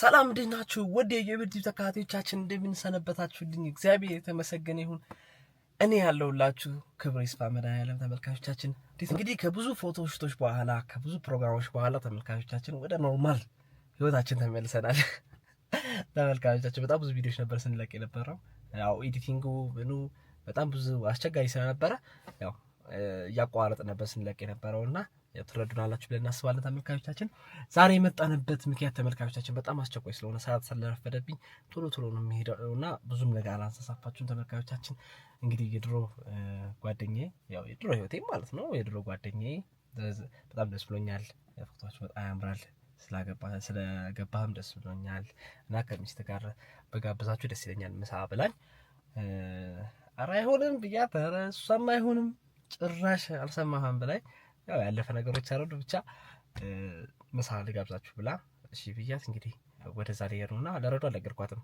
ሰላም እንዴት ናችሁ? ወደ የቤት ተከታታዮቻችን እንደምንሰነበታችሁልኝ እግዚአብሔር የተመሰገነ ይሁን። እኔ ያለሁላችሁ ክብር ይስፋ መድኃኒዓለም። ተመልካቾቻችን እንግዲህ ከብዙ ፎቶ ሽቶች በኋላ ከብዙ ፕሮግራሞች በኋላ ተመልካቾቻችን ወደ ኖርማል ህይወታችን ተመልሰናል። ተመልካቾቻችን በጣም ብዙ ቪዲዮዎች ነበር ስንለቅ የነበረው ያው ኤዲቲንጉ ምኑ በጣም ብዙ አስቸጋሪ ስለነበረ ያው እያቋረጥ ነበር ስንለቅ የነበረው እና ትረዱናላችሁ ብለን እናስባለን። ተመልካቾቻችን ዛሬ የመጣንበት ምክንያት ተመልካቾቻችን በጣም አስቸኳይ ስለሆነ ሰዓት ስለረፈደብኝ ቶሎ ቶሎ ነው የሚሄደው እና ብዙም ነገር አላንሳሳፋችሁም። ተመልካቾቻችን እንግዲህ የድሮ ጓደኛዬ ያው የድሮ ህይወቴ ማለት ነው የድሮ ጓደኛዬ በጣም ደስ ብሎኛል። ፎቶችሁ በጣም ያምራል። ስለገባህም ደስ ብሎኛል እና ከሚስት ጋር በጋብዛችሁ ደስ ይለኛል ምሳ ብላኝ ኧረ አይሆንም ብያት ኧረ እሷም አይሆንም ጭራሽ አልሰማህም ብላኝ ያው ያለፈ ነገሮች አረዱ ብቻ ምሳ ልጋብዛችሁ ብላ እሺ ብያት እንግዲህ ወደዛ ልሄድ ነው እና ለረዶ አልነገርኳትም።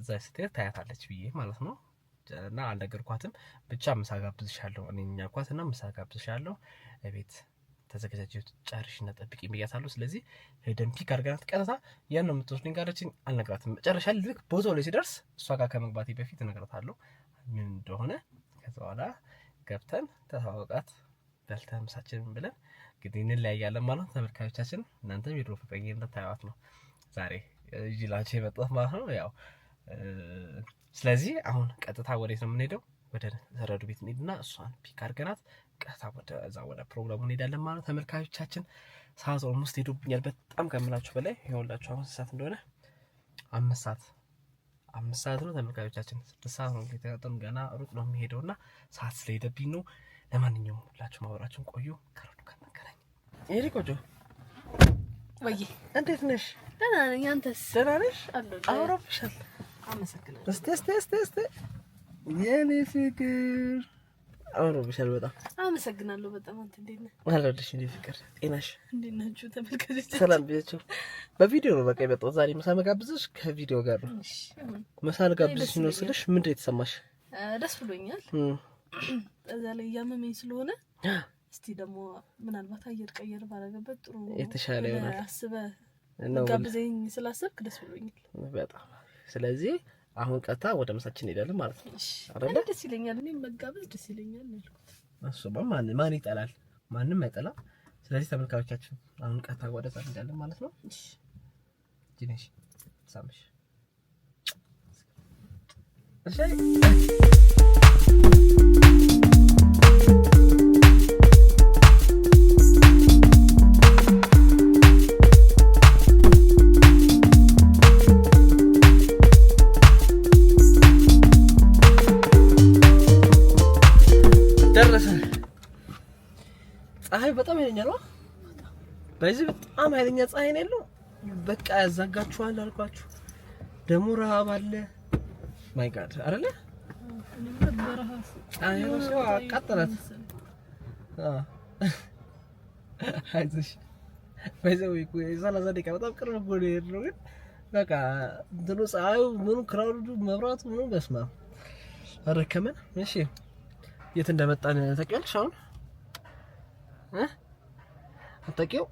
እዛ ስትሄድ ታያታለች ብዬ ማለት ነው እና አልነገርኳትም። ብቻ ምሳ ጋብዝሻለሁ እኔኛ ኳት እና ምሳ ጋብዝሻለሁ ቤት ተዘጋጃጀት ጨርሽ እና ጠብቂ ብያታለሁ። ስለዚህ ሄደን ፒክ አድርገናት ቀጥታ ያን ነው የምትወስደኝ ካለችኝ አልነግራትም። መጨረሻ ልክ ቦታው ላይ ሲደርስ እሷ ጋር ከመግባቴ በፊት እነግራታለሁ ምን እንደሆነ። ከዛ በኋላ ገብተን ተዋወቃት በልተምሳችንን ብለን እንግዲህ እንለያያለን ማለት ነው። ተመልካዮቻችን እናንተም የድሮ ፍቅረኛ እንደታዩት ነው ዛሬ ይላቸው የመጣት ማለት ነው። ያው ስለዚህ አሁን ቀጥታ ወዴት ነው የምንሄደው? ወደ ሰረዱ ቤት እንሄድና እሷን ፒክ አድርገናት ቀጥታ ወደዛ ወደ ፕሮግራሙ እንሄዳለን ማለት ነው። ተመልካዮቻችን። ሰዓት ኦልሞስት ሄዶብኛል በጣም ከምላችሁ በላይ ይሆንላችሁ። አሁን ሰዓት እንደሆነ አምስት ሰዓት አምስት ሰዓት ነው ተመልካዮቻችን። ስድስት ሰዓት ነው እንግዲህ ገና ሩቅ ነው የሚሄደውና ሰዓት ስለሄደብኝ ነው። ለማንኛውም ሁላችሁ ማወራችን ቆዩ። ከረዱ ከመገናኝ ይሄ ቆጆ ወይ እንዴት ነሽ? ደህና ነኝ። አንተስ ደህና ነሽ? አውሮብሻል። አመሰግናለሁ። እስቲ እስቲ እስቲ እስቲ የኔ ፍቅር አውሮብሻል። በጣም አመሰግናለሁ። በጣም አንተ እንዴት ነህ? አለሁልሽ። እንዴት ፍቅር ጤናሽ እንዴት ናችሁ? ተመልካቾች ሰላም ብያችሁ። በቪዲዮ ነው በቃ የመጣሁት ዛሬ። ምሳ መጋብዝሽ ከቪዲዮ ጋር ነው። ምሳ ልጋብዝሽ ነው ስልሽ ምንድን ነው የተሰማሽ? ደስ ብሎኛል እዛ ላይ እያመመኝ ስለሆነ እስቲ ደግሞ ምናልባት አየር ቀየር ባረገበት ጥሩ የተሻለ ይሆናል አስበህ ጋብዘኝ ስላሰብክ ደስ ብሎኛል በጣም። ስለዚህ አሁን ቀጥታ ወደ ምሳችን እንሄዳለን ማለት ነው ደስ ይለኛል፣ እኔም መጋበዝ ደስ ይለኛል ያልኩት። እሱማ ማን ማን ይጠላል? ማንም አይጠላ። ስለዚህ ተመልካቾቻችን አሁን ቀጥታ ወደ እዛ እንሄዳለን ማለት ነው። ጂነሽ ሳምሽ እሺ ኃይለኛ ፀሐይ ነው ያለው። በቃ ያዛጋችኋል አልኳችሁ። ደግሞ ረሃብ አለ። ማይ ጋድ አይደለ? አቃጠላት። አይዞሽ በዛው ይኩ የሰላሳ ደቂቃ በጣም ቅርብ እኮ ነው ግን በቃ እንትኑ ፀሐዩ ምኑ ክራውዱ መብራቱ ምኑ በስማ አረከመን። እሺ የት እንደመጣን ታውቂያለሽ አሁን አታውቂው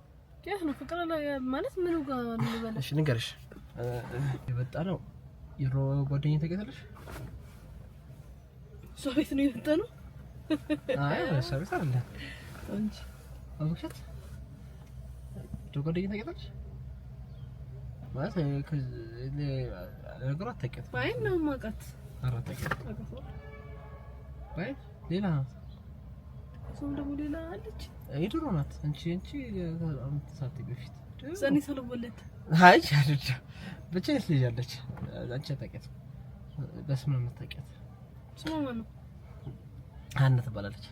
ያህ ነው ፍቅር ማለት ምኑ ጋር ንገርሽ የመጣ ነው። የሮ ጓደኛ ተገተለሽ እሷ ቤት ነው የመጣ ነው። አይ እሷ ቤት አለ እንጂ ጓደኛ ተገተለሽ ማለት ነው ሌላ ሰው ደግሞ ሌላ አለች የድሮ ናት። አንቺ አንቺ ሳት በፊት ሰኔ ሰለወለት አይ አይደለም ብቻ የት ልጅ አለች። አንቺ አታውቂያትም፣ በስሟ የምታውቂያት ስሟ ማን ነው? ሀና ትባላለች።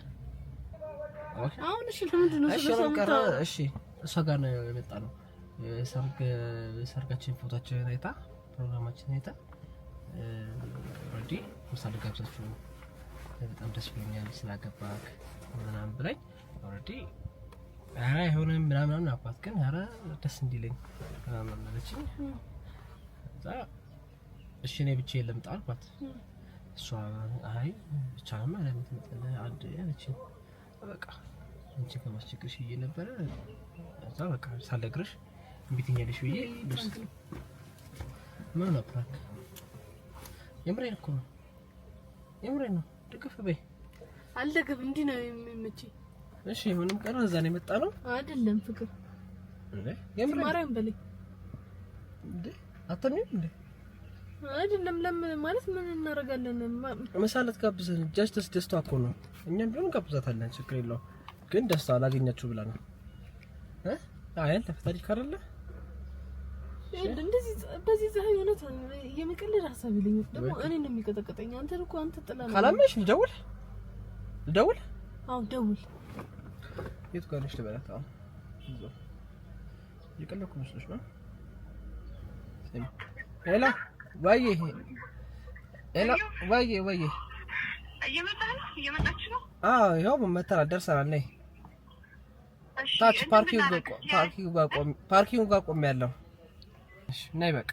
አሁን እሺ፣ ለምንድን ነው እሺ፣ ነው ቀረ እሺ፣ እሷ ጋር ነው የመጣ ነው። ሰርግ ሰርጋችን ፎቶችን አይታ ፕሮግራማችን አይታ ኦልሬዲ ምሳሌ ጋብዛችሁ በጣም ደስ ብሎኛል ስላገባክ ምናምን ብላኝ ኦልሬዲ ኧረ አይሆንም ምናምን አልኳት። ግን ኧረ ደስ እንዲለኝ ምናምን አለችኝ። እዛ እሺ እኔ ብቻዬን ልምጣ አልኳት። እሷ አይ ብቻህን ለምን ትመጣለህ አንድ አለችኝ። በቃ አንቺ ከማስቸግርሽ ብዬ ነበረ። እዛ በቃ ሳልነግርሽ እምቢ ትኛለሽ ብዬ ልብስ ምን ነው ፕራንክ የምሬን እኮ ነው የምሬን ነው። ድግፍ በይ አልደግፍ እንዲህ ነው የሚመችኝ እሺ ምንም ቀረ እዛ ነው የመጣ ነው አይደለም ፍቅር እንዴ የምር ማርያም በለኝ እንዴ አትተኛም እንዴ አይደለም ለምን ማለት ምን እናደርጋለን መሳለት ጋብዘን ጀስትስ ደስታ እኮ ነው እኛም ቢሆን ጋብዛታለን ችግር የለው ግን ደስታ አላገኛችሁ ብላ ነው እ አይ ታሪክ አይደለ እንደዚህ በዚህ ፀሐይ እውነት የመቀለድ ሀሳብ የለኝም ደግሞ እኔን ነው የሚቀጠቅጠኝ አንተን እኮ አንተ ጥላ ካላመሽ ልደውል ልደውል አዎ ደውል የቱ ጋር ነሽ ልበላት? አሁን እዛው እየቀለድኩ መስሎሽ ነው። ሄሎ ዋዬ፣ ሄሎ ዋዬ፣ ነው እየመጣች ነው። አዎ ያው መተናል፣ ደርሰናል። ነይ ታች ፓርኪንግ ጋር ቆሜ ያለው ነይ በቃ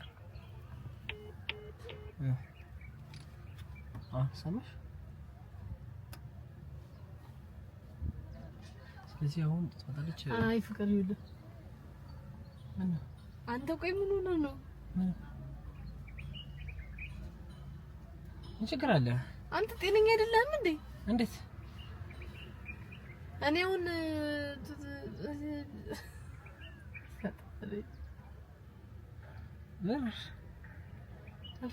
ሰማሽ እዚህ አሁን ትመጣለች። አይ ፍቅር ይኸውልህ፣ አንተ ቆይ ምን ሆነ ነው? ምን ችግር አለ? አንተ ጤነኛ አይደለህም እንዴ? እንዴት? እኔ አሁን ምን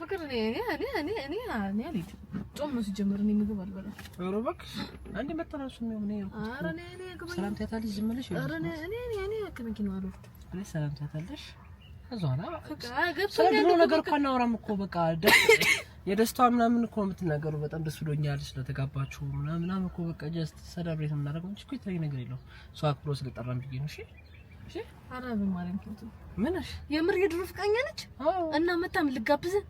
ፍቅር እኔ እኔ እኔ እኔ እኔ እኔ አልሄድም። ጾም ነው ሲጀመር። እኔ ምግብ አልበላም። ኧረ እባክሽ አንዴ መተናሱ ነው እኔ ኧረ እኔ እኔ ግባ ሰላም ትያታለሽ። ዝም ብለሽ ኧረ እኔ እኔ እኔ እኔ ከመኪናው አልወርድም። እኔ ሰላም ትያታለሽ። እዛና ስለ ድሮ ነገር እኮ አናወራም እኮ በቃ የደስቷ ምናምን እኮ የምትናገሩ። በጣም ደስ ብሎኛል ስለተጋባችሁ ምናምን እኮ በቃ ጀስት ሰለብሬት የምናደርገው እንጂ እኮ የተለየ ነገር የለውም። ሰው አክብሮ ስለጠራን ብዬሽ ነው። እሺ የምር የድሮ ፍቃኛ ነች እና መታም ልጋብዘን።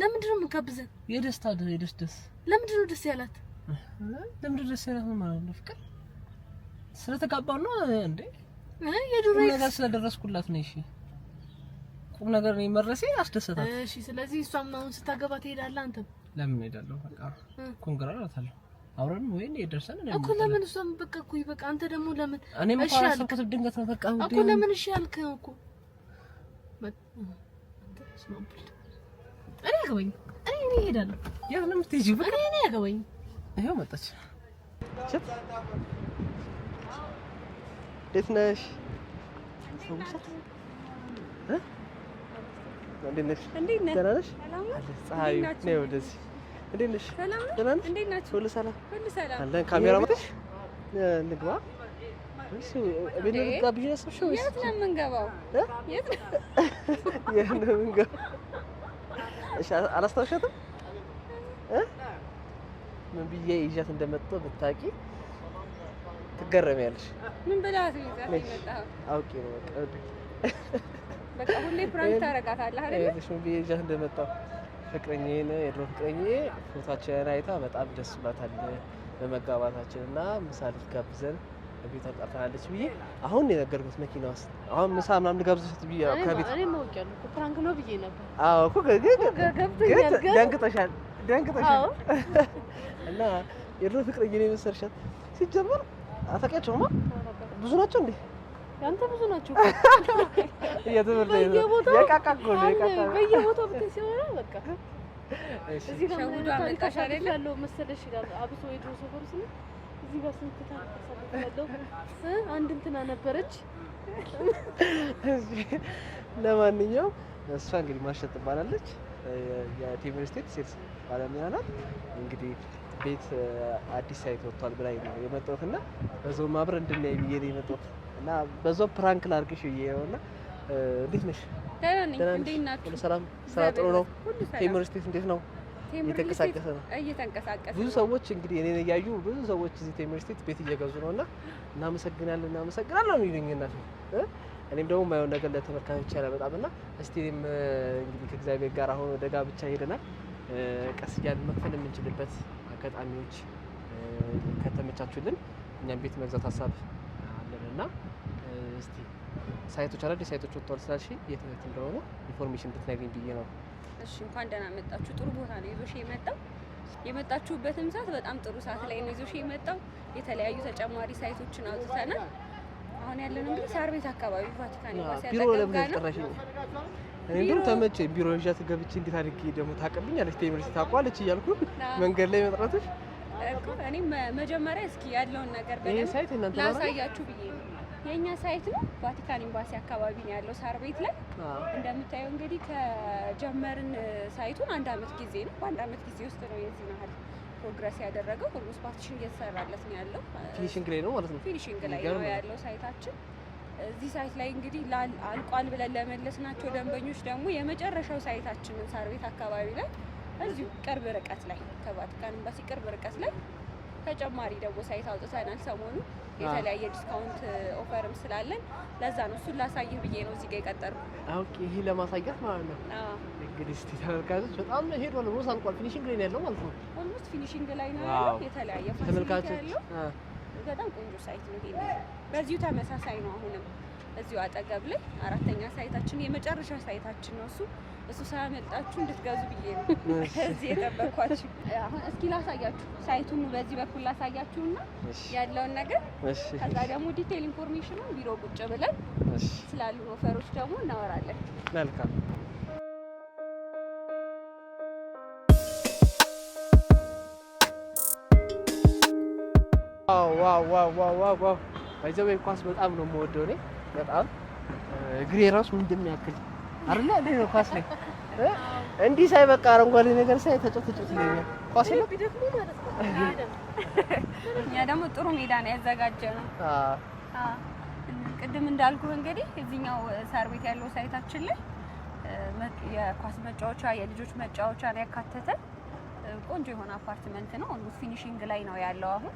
ለምንድን ነው የምጋብዘን? የደስታ ደስ ደስ ደስ ለምንድን ነው ደስ ያላት? ለምንድን ነው ደስ ያላት ማለት ነው? ፍቅር ስለተጋባሁ ነው እንዴ? የድሮ ነገር ስለደረስኩላት ነው። እሺ ቁም ነገር ነው መረሴ አስደሰታት። እሺ ስለዚህ እሷም አሁን ስታገባ ትሄዳለህ አንተም? ለምን እሄዳለሁ። በቃ ኮንግራ አላታለሁ አብረን ወይ እኔ ደርሰን እኮ ለምን እሷም በቃ እኮ ይበቃ። አንተ ደግሞ ለምን እኔም እኮ አላሰብኩትም፣ ድንገት ነው በቃ እኮ ለምን እሺ አልከ እኮ እኔ አገባኝ። እኔ እኔ እሄዳለሁ። ያው ለምን በቃ እኔ ይኸው መጣች። እንዴት ነሽ? እንዴት ነሽ? ደህና ነሽ? ፀሐዩ ነው ወደዚህ እንዴት ነሽ? ሰላም ነሽ? እንዴት ናችሁ? ሁሉ ሰላም አለን። ካሜራ መጥሽ ንግባ አላስታውሻትም ምን ብዬ ይዣት እንደመጣሁ ብታውቂ ትገረሚያለሽ። ምን ብለሀት ነው ይዛት የመጣኸው? አውቄ ነው በቃ ሁሌ ፕራንክ ታደርጋታለህ አይደል? ምን ብዬ ይዣት እንደመጣሁ ፍቅረኛዬን የድሮ ፍቅረኛዬ ፎታችንን አይታ በጣም ደስ ብሏታል በመጋባታችን እና ምሳ ልትጋብዘን ቤት አጣርታለች ብዬ አሁን የነገርኩት መኪና ውስጥ አሁን ምሳ ምናምን ልጋብዝሽ ብዬ ከቤት ፕራንክ ነው ብዬ ነበር። አዎ እኮ ደንግጠሻል፣ ደንግጠሻል እና የድሮ ፍቅረኛዬን የመሰልሻት ሲጀመር አታውቂያቸውማ ብዙ ናቸው እንዴ? ያንተ ብዙ ናቸው። የትምህርት በየቦታው ብታይ ሲሆን በቃ እዚህ ጋር ያለው መሰለሽ አብሶ የድሮ ሰፈር ስንት እዚህ ጋር ስንት ያለው አንድ እንትና ነበረች። ለማንኛውም እሷ እንግዲህ ማሸት ትባላለች። የቴምር ስቴት ሴት ባለሙያ ናት። እንግዲህ ቤት አዲስ ሳይት ወጥቷል ብላኝ ነው የመጣሁት እና በዛውም አብረን እንድናይ ብዬ ነው የመጣሁት። እና በዛው ፕራንክ ላድርግሽ ብዬ ነው። እና እንዴት ነሽ? ሁሉ ሰላም? ስራ ጥሩ ነው? ቴምር ስቴት እንዴት ነው? እየተንቀሳቀሰ ነው? ብዙ ሰዎች እንግዲህ እኔን እያዩ ብዙ ሰዎች እዚህ ቴምር ስቴት ቤት እየገዙ ነው። እና እናመሰግናለን፣ እናመሰግናለን ነው የሚሉኝ እናት ነው እኔም ደግሞ ማየው ነገር ለተመልካቾች አላመጣም እና እስቲ እኔም እንግዲህ ከእግዚአብሔር ጋር አሁን ወደ ጋብቻ ሄደናል። ቀስ እያልን መክፈል የምንችልበት አጋጣሚዎች ከተመቻቹልን እኛም ቤት መግዛት ሀሳብ አለን እና ሳይቶች አዳዲስ ሳይቶች ወጥተዋል ስላልሽ የት የት እንደሆነ ኢንፎርሜሽን እንድትናገኝ ብዬ ነው። እሺ እንኳን ደህና መጣችሁ። ጥሩ ቦታ ነው ይዞሽ የመጣው። የመጣችሁበትም ሰዓት በጣም ጥሩ ሰዓት ላይ ነው ይዞሽ የመጣው። የተለያዩ ተጨማሪ ሳይቶችን አውጥተናል። አሁን ያለን እንግዲህ ሳር ቤት አካባቢ ቫቲካን ኤምባሲ ቢሮ ለምን ያስጠራሽ? እኔ እንደውም ተመቼ ቢሮ ይዣት ገብቼ እንዴት አድርጌ ደግሞ ታውቅብኛለች ቴምርስ ታውቋለች እያልኩ መንገድ ላይ መጥራትሽ እኔ መጀመሪያ እስኪ ያለውን ነገር ሳይት በደምብ ላሳያችሁ ብዬ ነው የእኛ ሳይት ነው፣ ቫቲካን ኤምባሲ አካባቢ ነው ያለው ሳር ቤት ላይ እንደምታየው። እንግዲህ ከጀመርን ሳይቱን አንድ አመት ጊዜ ነው። በአንድ አመት ጊዜ ውስጥ ነው የዚህ ያህል ፕሮግረስ ያደረገው። ኦልሞስት ፓርቲሽን እየተሰራለት ነው ያለው። ፊኒሽንግ ላይ ነው ማለት ነው። ፊኒሽንግ ላይ ነው ያለው ሳይታችን። እዚህ ሳይት ላይ እንግዲህ አልቋል ብለን ለመለስ ናቸው ደንበኞች ደግሞ የመጨረሻው ሳይታችንን ሳር ቤት አካባቢ ላይ እዚሁ ቅርብ ርቀት ላይ ከቫቲካን ኤምባሲ ቅርብ ርቀት ላይ ተጨማሪ ደግሞ ሳይት አውጥተናል ሰሞኑ የተለያየ ዲስካውንት ኦፈርም uh, ስላለን ለዛ ነው እሱን ላሳይህ ብዬ ነው እዚህ ጋ የቀጠርኩ። ኦኬ ይሄ ለማሳየት ማለት ነው። እንግዲህ እስኪ ተመልካቾች በጣም ሄዷል። ሮዝ አልቋል። ፊኒሽንግ ላይ ነው ያለው ማለት ነው። ኦልሞስት ፊኒሽንግ ላይ ነው ያለው። የተለያየ ፋሲሊቲ በጣም ቆንጆ ሳይት ነው ይሄ። በዚሁ ተመሳሳይ ነው። አሁንም እዚሁ አጠገብ ላይ አራተኛ ሳይታችን የመጨረሻ ሳይታችን ነው እሱ እሱ ሳያመልጣችሁ እንድትገዙ ብዬ ነው እዚህ የጠበኳችሁ። አሁን እስኪ ላሳያችሁ፣ ሳይቱን በዚህ በኩል ላሳያችሁና ያለውን ነገር ከዛ ደግሞ ዲቴይል ኢንፎርሜሽኑ ቢሮ ቁጭ ብለን ስላሉ ኦፈሮች ደግሞ እናወራለን። መልካም ዋዋዋዋዋ ኳስ በጣም ነው የምወደው እኔ በጣም እግሬ ራሱ እንደሚያክል አይደለ? እንዴት ነው ኳስ ላይ እንዲህ ሳይ በቃ አረንጓዴ ነገር ሳይ ተጫውት ተጫውት ይለኛል። ኳስ ላይ ቢደክሙ ማለት ነው። እኛ ደግሞ ጥሩ ሜዳ ነው ያዘጋጀነው። አዎ ቅድም እንዳልኩ እንግዲህ እዚህኛው ሳር ቤት ያለው ሳይታችን ላይ የኳስ መጫወቻ፣ የልጆች መጫወቻን ያካተተ ቆንጆ የሆነ አፓርትመንት ነው። ኦልሞስት ፊኒሺንግ ላይ ነው ያለው አሁን።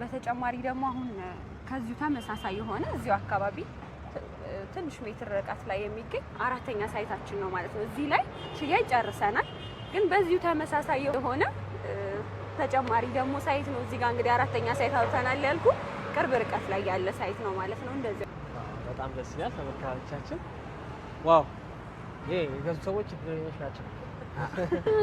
በተጨማሪ ደግሞ አሁን ከዚሁ ተመሳሳይ የሆነ እዚሁ አካባቢ ትንሽ ሜትር ርቀት ላይ የሚገኝ አራተኛ ሳይታችን ነው ማለት ነው። እዚህ ላይ ሽያጭ ጨርሰናል። ግን በዚሁ ተመሳሳይ የሆነ ተጨማሪ ደግሞ ሳይት ነው እዚህ ጋር እንግዲህ አራተኛ ሳይት አውተናል ያልኩ ቅርብ ርቀት ላይ ያለ ሳይት ነው ማለት ነው። እንደዚህ በጣም ደስ ይላል። ተመልካቾቻችን ዋው! ይሄ የገዙ ሰዎች እድለኞች ናቸው።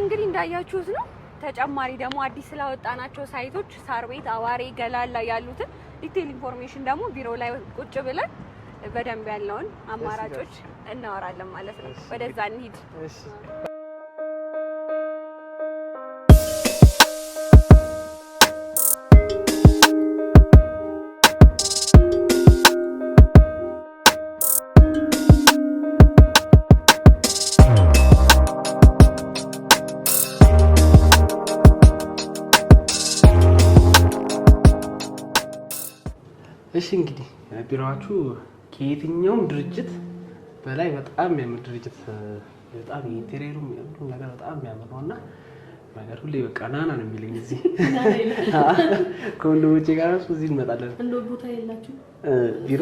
እንግዲህ እንዳያችሁት ነው። ተጨማሪ ደግሞ አዲስ ስላወጣናቸው ሳይቶች ሳር ቤት፣ አዋሬ፣ ገላላ ያሉትን ዲቴል ኢንፎርሜሽን ደግሞ ቢሮ ላይ ቁጭ ብለን በደንብ ያለውን አማራጮች እናወራለን ማለት ነው። ወደዛ እንሂድ። እሺ እንግዲህ ቢሮዋችሁ ከየትኛውም ድርጅት በላይ በጣም የሚያምር ድርጅት በጣም ኢንቴሪየሩ የሚያምሩ ነገር በጣም የሚያምር ነው እና ነገር ሁሌ በቃ ናና ነው የሚለኝ። እዚህ ከወንድሞቼ ጋር እሱ እዚህ እንመጣለን። እንደው ቦታ የላችሁ ቢሮ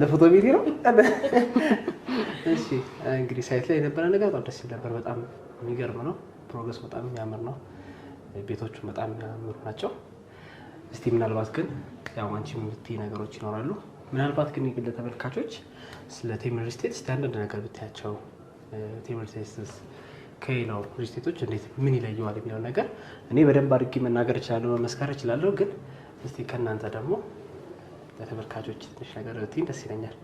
ለፎቶ ቤቴ ነው። እሺ እንግዲህ ሳይት ላይ የነበረ ነገር በጣም ደስ ይል ነበር። በጣም የሚገርም ነው። ፕሮግረስ በጣም የሚያምር ነው። ቤቶቹ በጣም የሚያምሩ ናቸው። እስቲ ምናልባት ግን ያው አንቺ የምትይ ነገሮች ይኖራሉ ምናልባት ግን የግል ተመልካቾች ስለ ቴምር ስቴት ስታንዳርድ ነገር ብታያቸው፣ ቴምር ስቴትስ ከሌላው ስቴቶች እንዴት ምን ይለየዋል የሚለው ነገር እኔ በደንብ አድርጌ መናገር እችላለሁ፣ መመስከር እችላለሁ። ግን እስቲ ከእናንተ ደግሞ ለተመልካቾች ትንሽ ነገር ብትይኝ ደስ ይለኛል።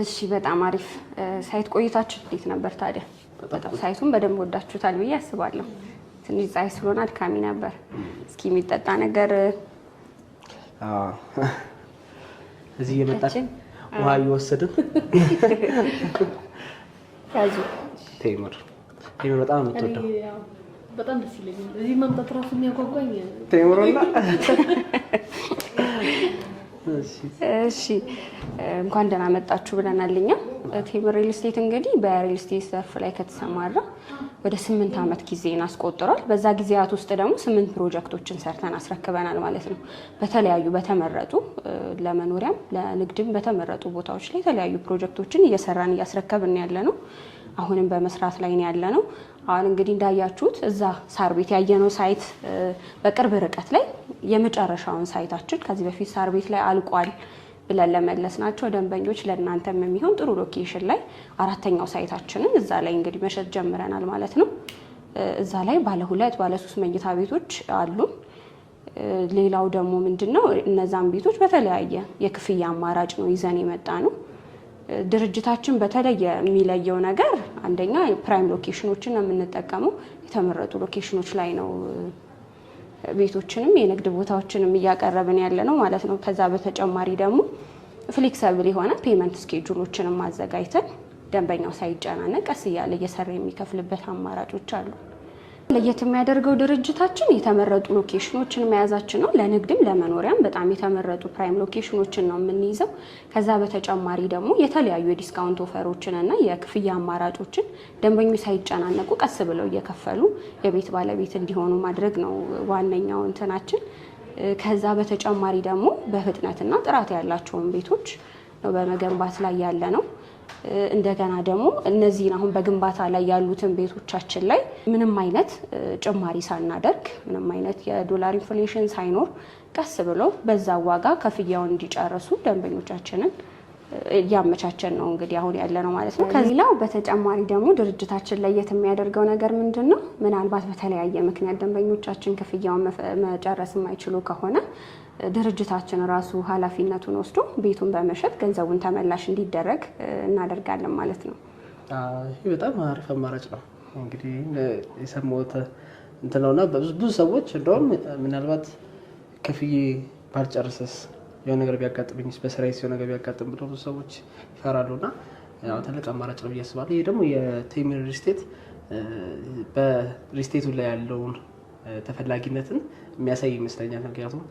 እሺ፣ በጣም አሪፍ ሳይት ቆይታችሁ እንዴት ነበር ታዲያ? ሳይቱን በደንብ ወዳችሁታል ብዬ አስባለሁ። ትንሽ ፀሐይ ስለሆነ አድካሚ ነበር። እስኪ የሚጠጣ ነገር እዚህ እየመጣች ውሃ እየወሰድን ቴምር ቴምር በጣም የምትወደው በጣም ደስ ይለኛል። እዚህ መምጣት ራሱ የሚያጓጓኝ ቴምሮና እሺ፣ እንኳን ደህና መጣችሁ ብለናል እኛ ቴምር ሪል ስቴት እንግዲህ በሪል ስቴት ዘርፍ ላይ ከተሰማራ ወደ ስምንት ዓመት ጊዜን አስቆጥሯል። በዛ ጊዜያት ውስጥ ደግሞ ስምንት ፕሮጀክቶችን ሰርተን አስረክበናል ማለት ነው። በተለያዩ በተመረጡ ለመኖሪያም ለንግድም በተመረጡ ቦታዎች ላይ የተለያዩ ፕሮጀክቶችን እየሰራን እያስረከብን ያለ ነው። አሁንም በመስራት ላይ ያለ ነው። አሁን እንግዲህ እንዳያችሁት እዛ ሳር ቤት ያየነው ሳይት በቅርብ ርቀት ላይ የመጨረሻውን ሳይታችን ከዚህ በፊት ሳር ቤት ላይ አልቋል ብለን ለመለስ ናቸው ደንበኞች ለእናንተም የሚሆን ጥሩ ሎኬሽን ላይ አራተኛው ሳይታችንን እዛ ላይ እንግዲህ መሸጥ ጀምረናል ማለት ነው። እዛ ላይ ባለ ሁለት ባለ ሶስት መኝታ ቤቶች አሉ። ሌላው ደግሞ ምንድን ነው እነዛን ቤቶች በተለያየ የክፍያ አማራጭ ነው ይዘን የመጣ ነው። ድርጅታችን በተለየ የሚለየው ነገር አንደኛ ፕራይም ሎኬሽኖችን ነው የምንጠቀመው። የተመረጡ ሎኬሽኖች ላይ ነው ቤቶችንም የንግድ ቦታዎችንም እያቀረብን ያለ ነው ማለት ነው። ከዛ በተጨማሪ ደግሞ ፍሌክሰብል የሆነ ፔመንት ስኬጁሎችንም አዘጋጅተን ደንበኛው ሳይጨናነቅ ቀስ እያለ እየሰራ የሚከፍልበት አማራጮች አሉ። ለየት የሚያደርገው ድርጅታችን የተመረጡ ሎኬሽኖችን መያዛችን ነው። ለንግድም ለመኖሪያም በጣም የተመረጡ ፕራይም ሎኬሽኖችን ነው የምንይዘው። ከዛ በተጨማሪ ደግሞ የተለያዩ የዲስካውንት ኦፈሮችን እና የክፍያ አማራጮችን ደንበኞች ሳይጨናነቁ ቀስ ብለው እየከፈሉ የቤት ባለቤት እንዲሆኑ ማድረግ ነው ዋነኛው እንትናችን። ከዛ በተጨማሪ ደግሞ በፍጥነትና ጥራት ያላቸውን ቤቶች ነው በመገንባት ላይ ያለ ነው። እንደገና ደግሞ እነዚህን አሁን በግንባታ ላይ ያሉትን ቤቶቻችን ላይ ምንም አይነት ጭማሪ ሳናደርግ ምንም አይነት የዶላር ኢንፍሌሽን ሳይኖር ቀስ ብሎ በዛ ዋጋ ክፍያውን እንዲጨርሱ ደንበኞቻችንን እያመቻቸን ነው እንግዲህ አሁን ያለ ነው ማለት ነው። ከሌላው በተጨማሪ ደግሞ ድርጅታችን ለየት የሚያደርገው ነገር ምንድን ነው? ምናልባት በተለያየ ምክንያት ደንበኞቻችን ክፍያውን መጨረስ የማይችሉ ከሆነ ድርጅታችን ራሱ ኃላፊነቱን ወስዶ ቤቱን በመሸጥ ገንዘቡን ተመላሽ እንዲደረግ እናደርጋለን ማለት ነው። ይህ በጣም አሪፍ አማራጭ ነው። እንግዲህ የሰማሁት እንትን ነውና ብዙ ሰዎች እንደውም ምናልባት ከፍዬ ባልጨርስስ የሆነ ነገር ቢያጋጥምኝ በስራ የሆነ ነገር ቢያጋጥም ብሎ ብዙ ሰዎች ይፈራሉ እና ትልቅ አማራጭ ነው ብዬ አስባለሁ። ይህ ደግሞ የቴምር ሪስቴት በሪስቴቱ ላይ ያለውን ተፈላጊነትን የሚያሳይ ይመስለኛል ምክንያቱም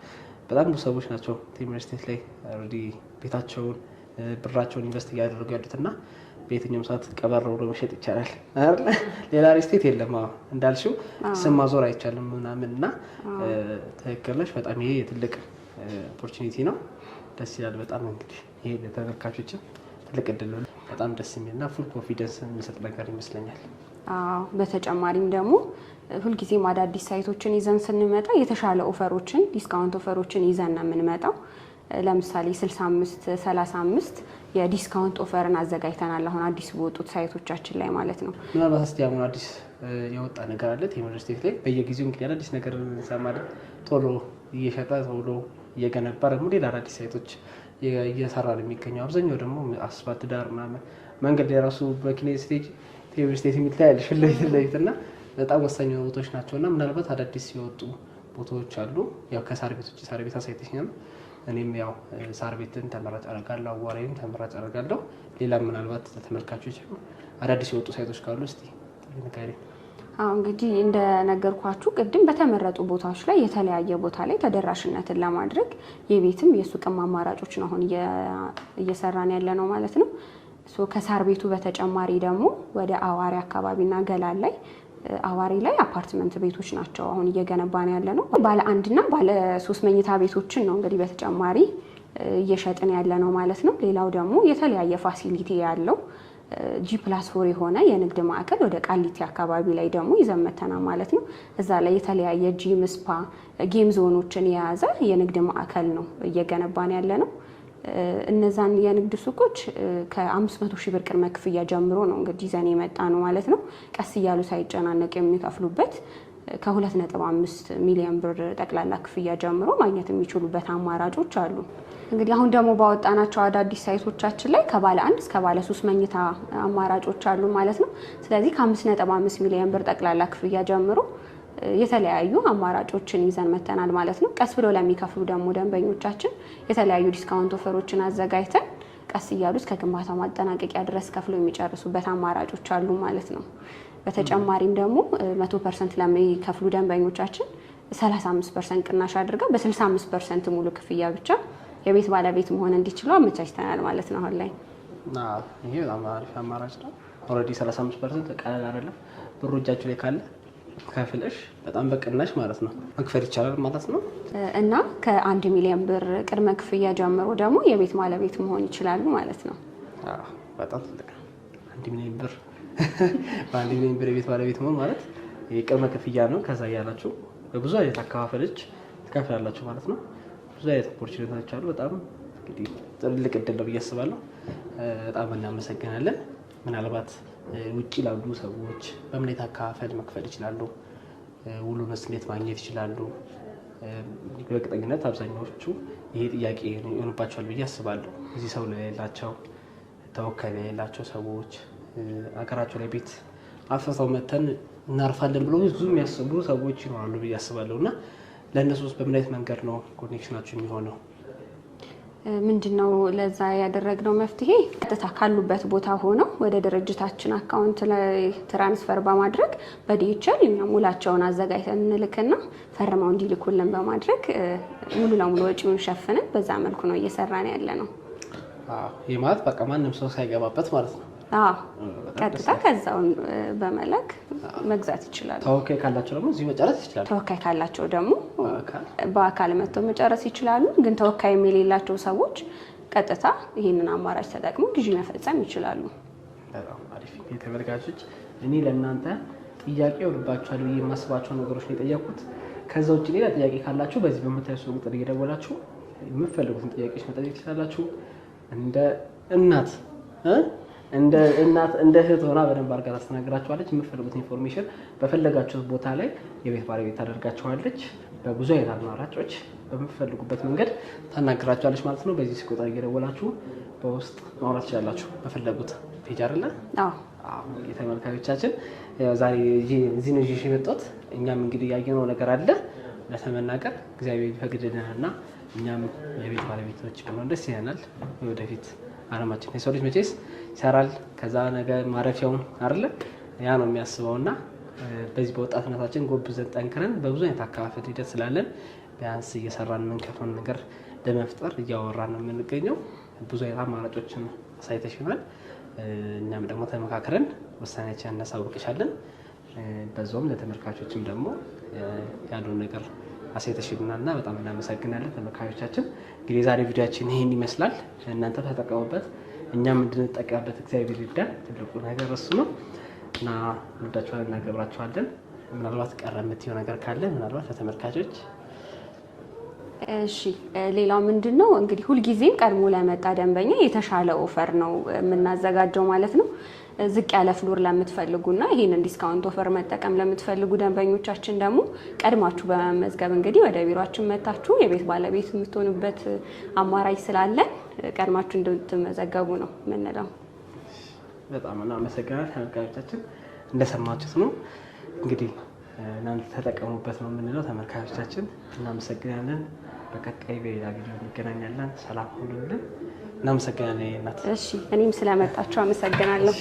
በጣም ብዙ ሰዎች ናቸው ቴምር ስቴት ላይ ኦልሬዲ ቤታቸውን ብራቸውን ኢንቨስት እያደረጉ ያሉት እና በየትኛውም ሰዓት ቀበር ብሎ መሸጥ ይቻላል። ሌላ ሪስቴት የለም እንዳልሽው ስም ማዞር አይቻልም ምናምን እና ትክክለች በጣም ይሄ የትልቅ ኦፖርቹኒቲ ነው። ደስ ይላል በጣም እንግዲህ ይሄ ለተመልካቾችም ትልቅ እድል በጣም ደስ የሚል የሚልና ፉል ኮንፊደንስ የሚሰጥ ነገር ይመስለኛል። በተጨማሪም ደግሞ ሁልጊዜም አዳዲስ ሳይቶችን ይዘን ስንመጣ የተሻለ ኦፈሮችን ዲስካውንት ኦፈሮችን ይዘን ነው የምንመጣው። ለምሳሌ 65 35 የዲስካውንት ኦፈርን አዘጋጅተናል። አሁን አዲስ በወጡት ሳይቶቻችን ላይ ማለት ነው። ምናልባት እስቲ አሁን አዲስ የወጣ ነገር አለ ቴምር ስቴት ላይ በየጊዜው እንግዲህ አዳዲስ ነገር እንሰማለን። ቶሎ እየሸጠ ቶሎ እየገነባ ደግሞ ሌላ አዳዲስ ሳይቶች እየሰራ ነው የሚገኘው። አብዛኛው ደግሞ አስፋልት ዳር ምናምን መንገድ ላይ ራሱ በኪኔ ስቴጅ ቴምር ስቴት የሚል ታያለሽ ፊት ለፊት እና በጣም ወሳኝ የሆኑ ቦታዎች ናቸው እና ምናልባት አዳዲስ የወጡ ቦታዎች አሉ። ያው ከሳር ቤት ውጭ ሳር ቤት አሳይተሽኛል። እኔም ያው ሳር ቤትን ተመራጭ አደርጋለሁ፣ አዋራይም ተመራጭ አደርጋለሁ። ሌላ ምናልባት ተመልካቾች አዳዲስ የወጡ ሳይቶች ካሉ እስቲ ንገሪ። አሁ እንግዲህ እንደነገርኳችሁ ቅድም በተመረጡ ቦታዎች ላይ የተለያየ ቦታ ላይ ተደራሽነትን ለማድረግ የቤትም የሱቅም አማራጮችን አሁን እየሰራን ያለ ነው ማለት ነው። ከሳር ቤቱ በተጨማሪ ደግሞ ወደ አዋሪ አካባቢና ገላን ላይ አዋሪ ላይ አፓርትመንት ቤቶች ናቸው አሁን እየገነባን ያለ ነው። ባለ አንድና ባለ ሶስት መኝታ ቤቶችን ነው እንግዲህ በተጨማሪ እየሸጥን ያለ ነው ማለት ነው። ሌላው ደግሞ የተለያየ ፋሲሊቲ ያለው ጂ ፕላስ ፎር የሆነ የንግድ ማዕከል ወደ ቃሊቲ አካባቢ ላይ ደግሞ ይዘመተና ማለት ነው። እዛ ላይ የተለያየ ጂም፣ ስፓ፣ ጌም ዞኖችን የያዘ የንግድ ማዕከል ነው እየገነባን ያለ ነው። እነዛን የንግድ ሱቆች ከ500 ሺህ ብር ቅድመ ክፍያ ጀምሮ ነው እንግዲህ ይዘን የመጣ ነው ማለት ነው። ቀስ እያሉ ሳይጨናነቅ የሚከፍሉበት ከ2.5 ሚሊዮን ብር ጠቅላላ ክፍያ ጀምሮ ማግኘት የሚችሉበት አማራጮች አሉ። እንግዲህ አሁን ደግሞ ባወጣናቸው አዳዲስ ሳይቶቻችን ላይ ከባለ አንድ እስከ ባለ ሶስት መኝታ አማራጮች አሉ ማለት ነው። ስለዚህ ከ5.5 ሚሊዮን ብር ጠቅላላ ክፍያ ጀምሮ የተለያዩ አማራጮችን ይዘን መተናል ማለት ነው። ቀስ ብሎ ለሚከፍሉ ደግሞ ደንበኞቻችን የተለያዩ ዲስካውንት ኦፈሮችን አዘጋጅተን ቀስ እያሉ እስከ ግንባታው ማጠናቀቂያ ድረስ ከፍሎ የሚጨርሱበት አማራጮች አሉ ማለት ነው። በተጨማሪም ደግሞ መቶ ፐርሰንት ለሚከፍሉ ደንበኞቻችን 35 ፐርሰንት ቅናሽ አድርገው በ65 ፐርሰንት ሙሉ ክፍያ ብቻ የቤት ባለቤት መሆን እንዲችሉ አመቻችተናል ማለት ነው። አሁን ላይ ይሄ በጣም አሪፍ አማራጭ ነው። ኦልሬዲ 35 ፐርሰንት ቀለል አይደለም። ብሩ እጃችሁ ላይ ካለ ከፍለሽ በጣም በቅናሽ ማለት ነው መክፈል ይቻላል ማለት ነው። እና ከአንድ ሚሊዮን ብር ቅድመ ክፍያ ጀምሮ ደግሞ የቤት ባለቤት መሆን ይችላሉ ማለት ነው። በጣም ትልቅ አንድ ሚሊዮን ብር በአንድ ሚሊዮን ብር የቤት ባለቤት መሆን ማለት የቅድመ ክፍያ ነው። ከዛ እያላችሁ በብዙ አይነት አከፋፈሎች ትከፍላላችሁ ማለት ነው። ብዙ አይነት ኦፖርቹኒቲዎች አሉ። በጣም እንግዲህ ትልቅ እድል ነው ብዬ አስባለሁ። በጣም እናመሰግናለን። ምናልባት ውጭ ላሉ ሰዎች በምን አካፈል አከፋፈል መክፈል ይችላሉ? ውሉንስ እንዴት ማግኘት ይችላሉ? በቅጠኝነት አብዛኛዎቹ ይሄ ጥያቄ ይሆንባቸዋል ብዬ አስባለሁ። እዚህ ሰው ለሌላቸው ተወካይ ለሌላቸው ሰዎች አገራቸው ላይ ቤት አፈሰው መተን እናርፋለን ብሎ ብዙ የሚያስቡ ሰዎች ይኖራሉ ብዬ አስባለሁ እና ለእነሱ ውስጥ በምን አይነት መንገድ ነው ኮኔክሽናቸው የሚሆነው? ምንድን ነው ለዛ ያደረግነው መፍትሄ ቀጥታ ካሉበት ቦታ ሆነው ወደ ድርጅታችን አካውንት ላይ ትራንስፈር በማድረግ በዲጂታል እኛ ሙላቸውን አዘጋጅተን እንልክና ፈርመው እንዲልኩልን በማድረግ ሙሉ ለሙሉ ወጪውን ሸፍንን። በዛ መልኩ ነው እየሰራን ያለ ነው። ይህ ማለት በቃ ማንም ሰው ሳይገባበት ማለት ነው። ቀጥታ ከዛውን በመላክ መግዛት ይችላሉ። ተወካይ ካላቸው ደግሞ እዚህ መጨረስ ይችላሉ። ተወካይ ካላቸው ደግሞ በአካል መጥተው መጨረስ ይችላሉ። ግን ተወካይም የሌላቸው ሰዎች ቀጥታ ይህንን አማራጭ ተጠቅመው ግዢ መፈጸም ይችላሉ። ተመልካቾች እኔ ለእናንተ ጥያቄ ይሆንባችኋል ብዬ የማስባቸው ነገሮች ነው የጠየኩት። ከዛ ውጭ ሌላ ጥያቄ ካላችሁ በዚህ በምታዩ ቁጥር እየደወላችሁ የምፈልጉትን ጥያቄዎች መጠየቅ ትችላላችሁ። እንደ እናት እንደ እናት እንደ እህት ሆና በደንብ አድርጋ ታስተናግራችኋለች። የምትፈልጉት ኢንፎርሜሽን በፈለጋችሁት ቦታ ላይ የቤት ባለቤት ታደርጋችኋለች። በብዙ አይነት አማራጮች በምትፈልጉበት መንገድ ታናግራችኋለች ማለት ነው። በዚህ ስቆጣ እየደወላችሁ በውስጥ ማውራት ትችላላችሁ። በፈለጉት ፔጅ አለ። ተመልካዮቻችን ዛሬ እዚህ ነው ይዤ የመጣሁት። እኛም እንግዲህ ያየነው ነገር አለ ለተመናቀር እግዚአብሔር ይፈቅድልንና እኛም የቤት ባለቤቶች ብንሆን ደስ ይለናል ወደፊት አለማችን። የሰው ልጅ መቼስ ይሰራል፣ ከዛ ነገ ማረፊያውም አለ ያ ነው የሚያስበው እና በዚህ በወጣትነታችን ጎብዘን ጠንክረን በብዙ አይነት አካፋፈል ሂደት ስላለን ቢያንስ እየሰራን የምንከፍለውን ነገር ለመፍጠር እያወራ ነው የምንገኘው። ብዙ አይነት አማራጮችን አሳይተሽናል። እኛም ደግሞ ተመካክረን ውሳኔያችን እናሳውቅሻለን። በዛውም ለተመልካቾችም ደግሞ ያለውን ነገር እና በጣም እናመሰግናለን። ተመልካቾቻችን እንግዲህ የዛሬ ቪዲዮችን ይህን ይመስላል። እናንተ ተጠቀሙበት፣ እኛም እንድንጠቀምበት እግዚአብሔር ይርዳን። ትልቁ ነገር እሱ ነው እና እንወዳችኋለን፣ እናገብራችኋለን። ምናልባት ቀረ የምትየው ነገር ካለ ምናልባት ለተመልካቾች እሺ ሌላው ምንድን ነው እንግዲህ ሁልጊዜም ቀድሞ ለመጣ ደንበኛ የተሻለ ኦፈር ነው የምናዘጋጀው ማለት ነው። ዝቅ ያለ ፍሎር ለምትፈልጉና ይህንን ዲስካውንት ኦፈር መጠቀም ለምትፈልጉ ደንበኞቻችን ደግሞ ቀድማችሁ በመመዝገብ እንግዲህ ወደ ቢሯችን መታችሁ የቤት ባለቤት የምትሆኑበት አማራጭ ስላለ ቀድማችሁ እንድትመዘገቡ ነው የምንለው። በጣም እናመሰግናለን። ተመልካቾቻችን እንደሰማችሁት ነው እንግዲህ እናንተ ተጠቀሙበት ነው የምንለው። ተመልካቾቻችን እናመሰግናለን። በቀጣይ በሌላ ቪዲዮ እንገናኛለን። ሰላም ሁኑልን። እናመሰግናለን። እሺ፣ እኔም ስለመጣችሁ አመሰግናለሁ።